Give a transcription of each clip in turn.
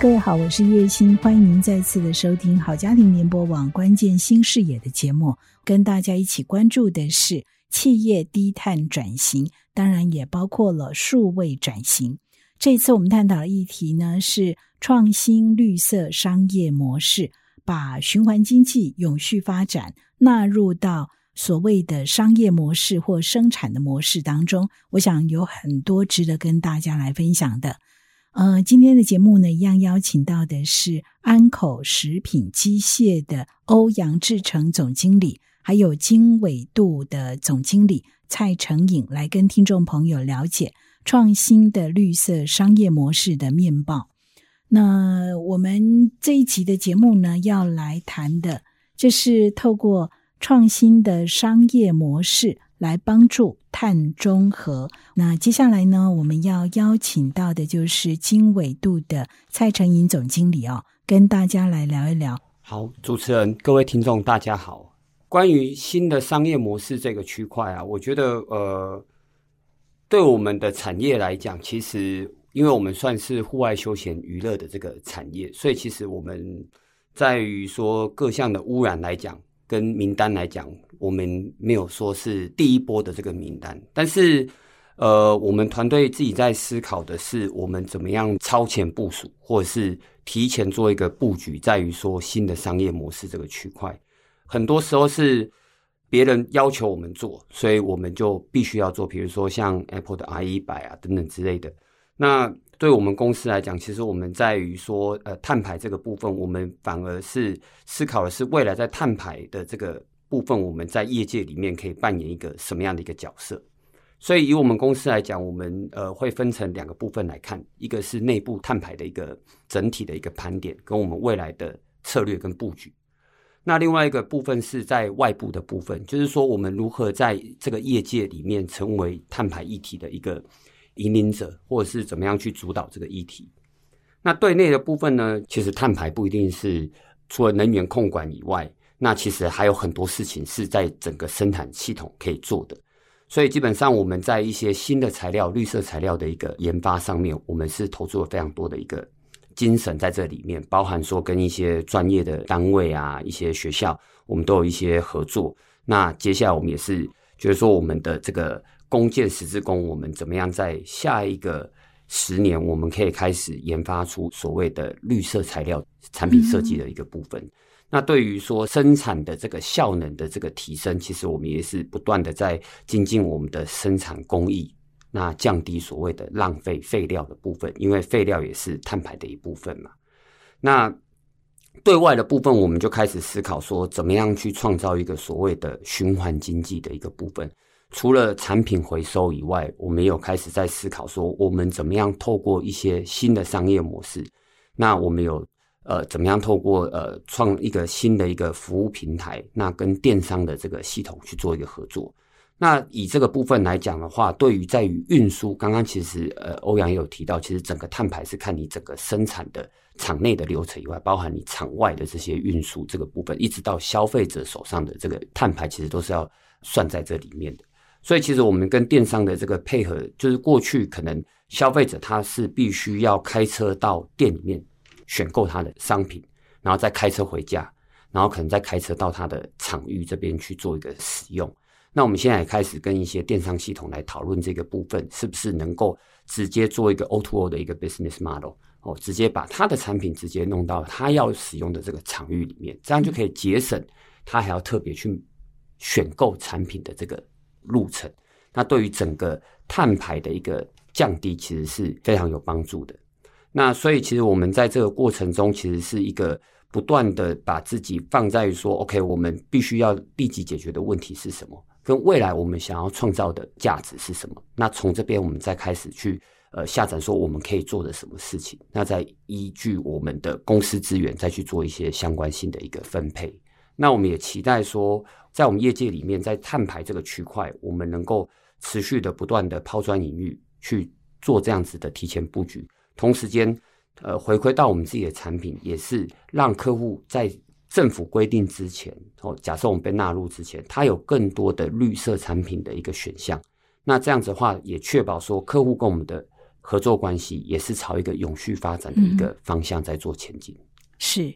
各位好，我是葉欣，歡迎您再次的收聽好家庭聯播網關鍵新視野的節目，跟大家一起關注的是企業低碳轉型，當然也包括了數位轉型。這次我們探討的議題呢，是創新綠色商業模式，把循環經濟、永續發展納入到所謂的商業模式或生產的模式當中。我想有很多值得跟大家來分享的。呃，今天的節目呢，一樣邀請到的是安口食品機械的歐陽志成總經理，還有經緯度的總經理蔡成穎，來跟聽眾朋友了解創新的綠色商業模式的面貌。那我們這一集的節目呢，要來談的就是透過創新的商業模式。來幫助碳中和。那接下來呢，我們要邀請到的就是經緯度的蔡承穎總經理哦，跟大家來聊一聊。好，主持人，各位聽眾，大家好。關於新的商業模式這個區塊啊，我覺得呃，對我們的產業來講，其實因為我們算是戶外休閒娛樂的這個產業，所以其實我們在於說各項的污染來講。跟名單來講，我們沒有說是第一波的這個名單，但是，呃，我們團隊自己在思考的是，我們怎麼樣超前部署，或者是提前做一個佈局，在於說新的商業模式這個區塊，很多時候是別人要求我們做，所以我們就必須要做，比如說像 Apple 的 RE 一百啊等等之類的，那。對我們公司來講，其實我們在於說，呃，碳排這個部分，我們反而是思考的是未來在碳排的這個部分，我們在業界裡面可以扮演一個什麼樣的一個角色。所以，以我們公司來講，我們呃會分成兩個部分來看，一個是內部碳排的一個整體的一個盤點，跟我們未來的策略跟佈局。那另外一個部分是在外部的部分，就是說我們如何在這個業界裡面成為碳排議題的一個。引領者，或者是怎麼樣去主導這個議題？那對內的部分呢？其實碳排不一定是除了能源控管以外，那其實還有很多事情是在整個生產系統可以做的。所以基本上我們在一些新的材料、綠色材料的一個研發上面，我們是投入了非常多的一個精神在這裡面，包含說跟一些專業的單位啊、一些學校，我們都有一些合作。那接下來我們也是就是說我們的這個。弓箭、十字弓，我們怎麼樣在下一個十年，我們可以開始研發出所謂的綠色材料產品設計的一個部分。明那對於說生產的這個效能的這個提升，其實我們也是不斷的在精進我們的生產工藝，那降低所謂的浪費廢料的部分，因為廢料也是碳排的一部分嘛。那對外的部分，我們就開始思考說，怎麼樣去創造一個所謂的循環經濟的一個部分。除了產品回收以外，我們有開始在思考說，我們怎麼樣透過一些新的商業模式，那我們有呃，怎麼樣透過呃，創一個新的一個服務平台，那跟電商的這個系統去做一個合作。那以這個部分來講的話，對於在於運輸，剛剛其實呃，歐陽也有提到，其實整個碳排是看你整個生產的廠內的流程以外，包含你廠外的這些運輸這個部分，一直到消費者手上的這個碳排，其實都是要算在這裡面的。所以其實我們跟電商的這個配合，就是過去可能消費者他是必須要開車到店裡面選購他的商品，然後再開車回家，然後可能再開車到他的場域這邊去做一個使用。那我們現在也開始跟一些電商系統來討論這個部分，是不是能夠直接做一個 O2O 的一個 business model 哦，直接把他的產品直接弄到他要使用的這個場域裡面，這樣就可以節省他還要特別去選購產品的這個。路程，那對於整個碳排的一個降低，其實是非常有幫助的。那所以，其實我們在這個過程中，其實是一個不斷的把自己放在於說，OK，我們必須要立即解決的問題是什麼？跟未來我們想要創造的價值是什麼？那從這邊我們再開始去呃下展說，我們可以做的什麼事情？那再依據我們的公司資源，再去做一些相關性的一個分配。那我們也期待說。在我們業界裡面，在碳排這個區塊，我們能夠持續的不斷的拋磚引玉去做這樣子的提前佈局，同時間，呃，回饋到我們自己的產品，也是讓客戶在政府規定之前，哦，假設我們被納入之前，他有更多的綠色產品的一個選項。那這樣子的話，也確保說客戶跟我們的合作關係也是朝一個永續發展的一個方向在做前進。嗯。是。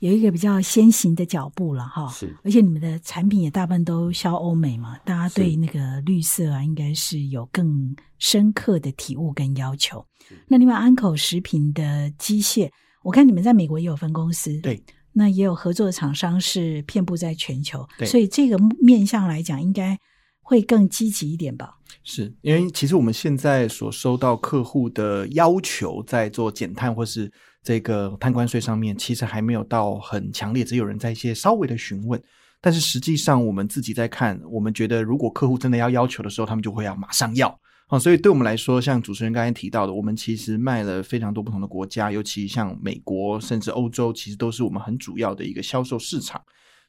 有一個比較先行的腳步了哈，是，而且你們的產品也大半都銷歐美嘛，大家對那個綠色啊，應該是有更深刻的體悟跟要求。是那另外安口食品的機械，我看你們在美國也有分公司，對，那也有合作的廠商是遍布在全球，對所以這個面向來講，應該會更積極一點吧？是因為其實我們現在所收到客戶的要求，在做減碳或是。這個碳關稅上面其實還沒有到很強烈，只有人在一些稍微的詢問。但是實際上，我們自己在看，我們覺得如果客戶真的要要求的時候，他們就會要馬上要啊、哦。所以對我們來說，像主持人剛才提到的，我們其實賣了非常多不同的國家，尤其像美國甚至歐洲，其實都是我們很主要的一個銷售市場。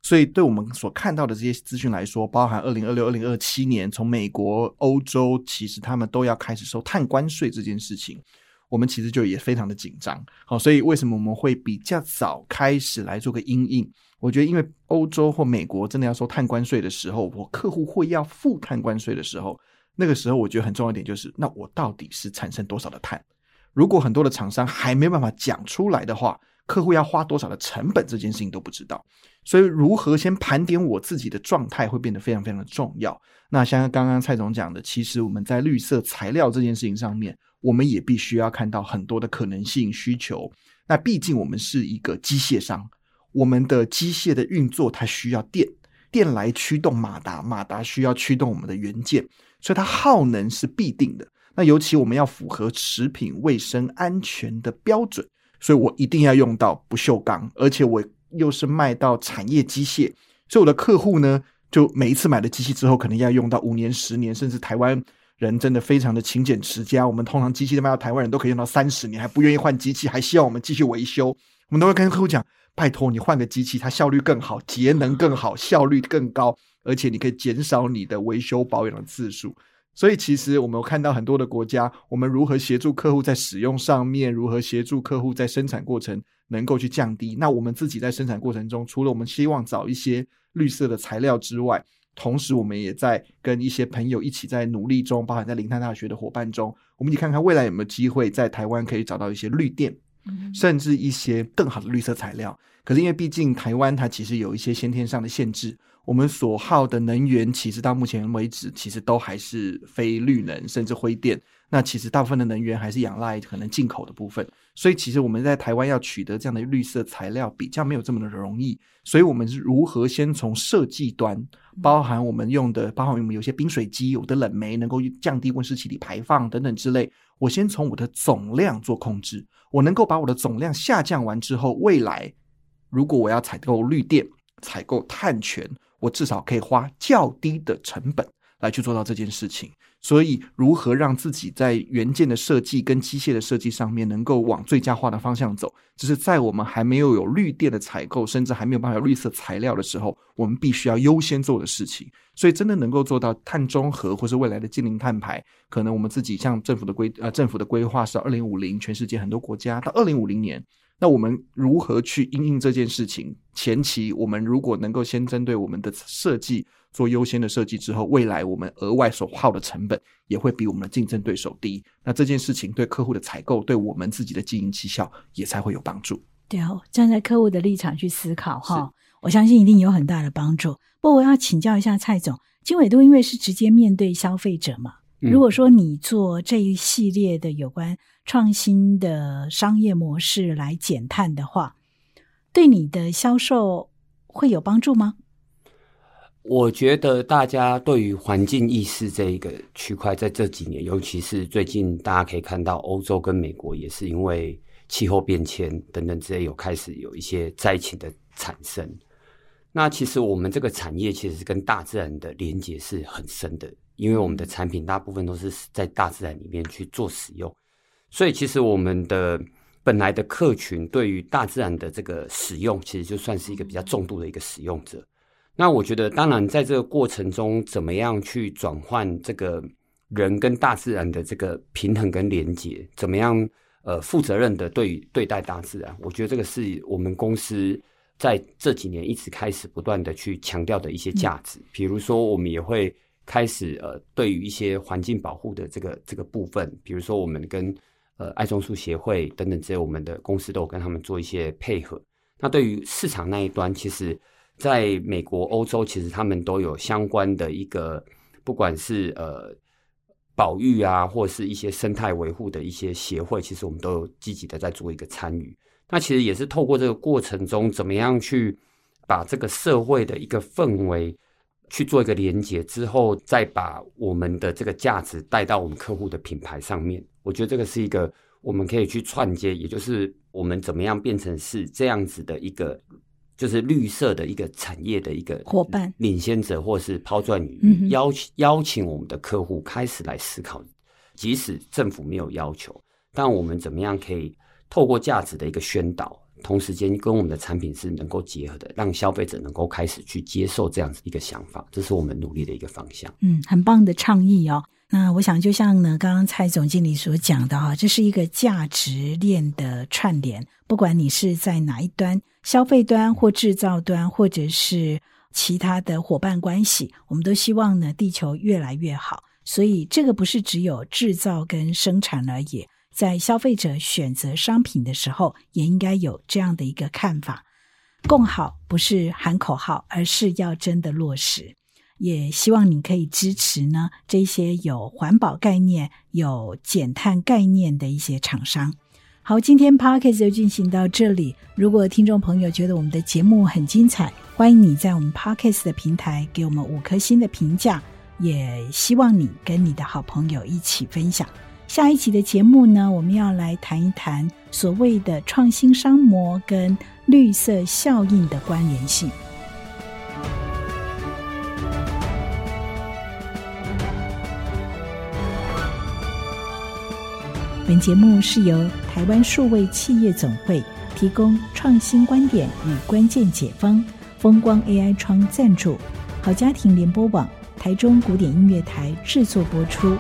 所以對我們所看到的這些資訊來說，包含二零二六、二零二七年，從美國、歐洲，其實他們都要開始收碳關稅這件事情。我們其實就也非常的緊張，好，所以為什麼我們會比較早開始來做個因應？我覺得，因為歐洲或美國真的要收碳關稅的時候，我客戶會要付碳關稅的時候，那個時候我覺得很重要一點就是，那我到底是產生多少的碳？如果很多的廠商還沒辦法講出來的話，客戶要花多少的成本，這件事情都不知道，所以如何先盤點我自己的狀態會變得非常非常的重要。那像剛剛蔡總講的，其實我們在綠色材料這件事情上面，我們也必須要看到很多的可能性需求。那畢竟我們是一個機械商，我們的機械的運作它需要電，電來驅動馬達，馬達需要驅動我們的元件，所以它耗能是必定的。那尤其我們要符合食品衛生安全的標準。所以我一定要用到不鏽鋼，而且我又是賣到產業機械，所以我的客戶呢，就每一次買了機器之後，可能要用到五年、十年，甚至台灣人真的非常的勤儉持家。我們通常機器都賣到台灣人都可以用到三十年，還不願意換機器，還希望我們繼續維修。我們都會跟客戶講：拜託你換個機器，它效率更好，節能更好，效率更高，而且你可以減少你的維修保養的次數。所以，其實我們有看到很多的國家，我們如何協助客戶在使用上面，如何協助客戶在生產過程能夠去降低。那我們自己在生產過程中，除了我們希望找一些綠色的材料之外，同時我們也在跟一些朋友一起在努力中，包含在林泰大學的夥伴中，我們一起看看未來有沒有機會在台灣可以找到一些綠電，甚至一些更好的綠色材料。可是，因為畢竟台灣它其實有一些先天上的限制。我們所耗的能源，其實到目前為止，其實都還是非綠能，甚至灰電。那其實大部分的能源還是仰賴可能進口的部分。所以，其實我們在台灣要取得這樣的綠色材料，比較沒有這麼的容易。所以，我們是如何先從設計端，包含我們用的，包含我們有些冰水機，有的冷媒能夠降低溫室氣體排放等等之類，我先從我的總量做控制。我能夠把我的總量下降完之後，未來如果我要採購綠電、採購碳權。我至少可以花較低的成本來去做到這件事情。所以，如何讓自己在元件的設計跟機械的設計上面能夠往最佳化的方向走，這是在我們還沒有有綠電的採購，甚至還沒有辦法有綠色材料的時候，我們必須要優先做的事情。所以，真的能夠做到碳中和，或是未來的淨零碳排，可能我們自己像政府的規呃政府的規劃是二零五零，全世界很多國家到二零五零年。那我們如何去因應這件事情？前期我們如果能夠先針對我們的設計做優先的設計之後，未來我們額外所耗的成本也會比我們的競爭對手低。那這件事情對客戶的採購，對我們自己的經營績效也才會有幫助。對啊，站在客戶的立場去思考哈，是我相信一定有很大的幫助。不過我要請教一下蔡總，經緯度因為是直接面對消費者嘛，如果說你做這一系列的有關。嗯創新的商業模式來減碳的話，對你的銷售會有幫助嗎？我覺得大家對於環境意識這一個區塊，在這幾年，尤其是最近，大家可以看到歐洲跟美國也是因為氣候變遷等等之類，有開始有一些災情的產生。那其實我們這個產業其實是跟大自然的連接是很深的，因為我們的產品大部分都是在大自然裡面去做使用。所以，其實我們的本來的客群對於大自然的這個使用，其實就算是一個比較重度的一個使用者。那我覺得，當然在這個過程中，怎麼樣去轉換這個人跟大自然的這個平衡跟連接，怎麼樣呃負責任的對對待大自然，我覺得這個是我們公司在這幾年一直開始不斷的去強調的一些價值。比如說，我們也會開始呃，對於一些環境保護的這個這個部分，比如說我們跟呃，愛中樹協會等等這些，我們的公司都有跟他們做一些配合。那對於市場那一端，其實，在美國、歐洲，其實他們都有相關的一個，不管是呃保育啊，或是一些生態維護的一些協會，其實我們都有積極的在做一個參與。那其實也是透過這個過程中，怎麼樣去把這個社會的一個氛圍，去做一個連接之後，再把我們的這個價值帶到我們客戶的品牌上面。我覺得這個是一個我們可以去串接，也就是我們怎麼樣變成是這樣子的一個，就是綠色的一個產業的一個夥伴、領先者，或是拋磚引玉，邀請邀請我們的客戶開始來思考。即使政府沒有要求，但我們怎麼樣可以透過價值的一個宣導，同時間跟我們的產品是能夠結合的，讓消費者能夠開始去接受這樣子一個想法，這是我們努力的一個方向。嗯，很棒的倡議哦。那我想，就像呢，剛剛蔡總經理所講的哈、哦，這是一個價值鏈的串聯，不管你是在哪一端，消費端或制造端，或者是其他的夥伴關係，嗯、我們都希望呢，地球越來越好。所以，這個不是只有制造跟生產而已。在消費者選擇商品的時候，也應該有這樣的一個看法。共好不是喊口號，而是要真的落實。也希望你可以支持呢這些有環保概念、有減碳概念的一些廠商。好，今天 Podcast 就進行到這裡。如果聽眾朋友覺得我們的節目很精彩，歡迎你在我們 Podcast 的平台給我們五顆星的評價。也希望你跟你的好朋友一起分享。下一集的節目呢，我們要來談一談所謂的創新商模跟綠色效應的關聯性。本節目是由台灣數位企業總會提供創新觀點與關鍵解方，風光 AI 窗贊助，好家庭聯播網台中古典音樂台製作播出。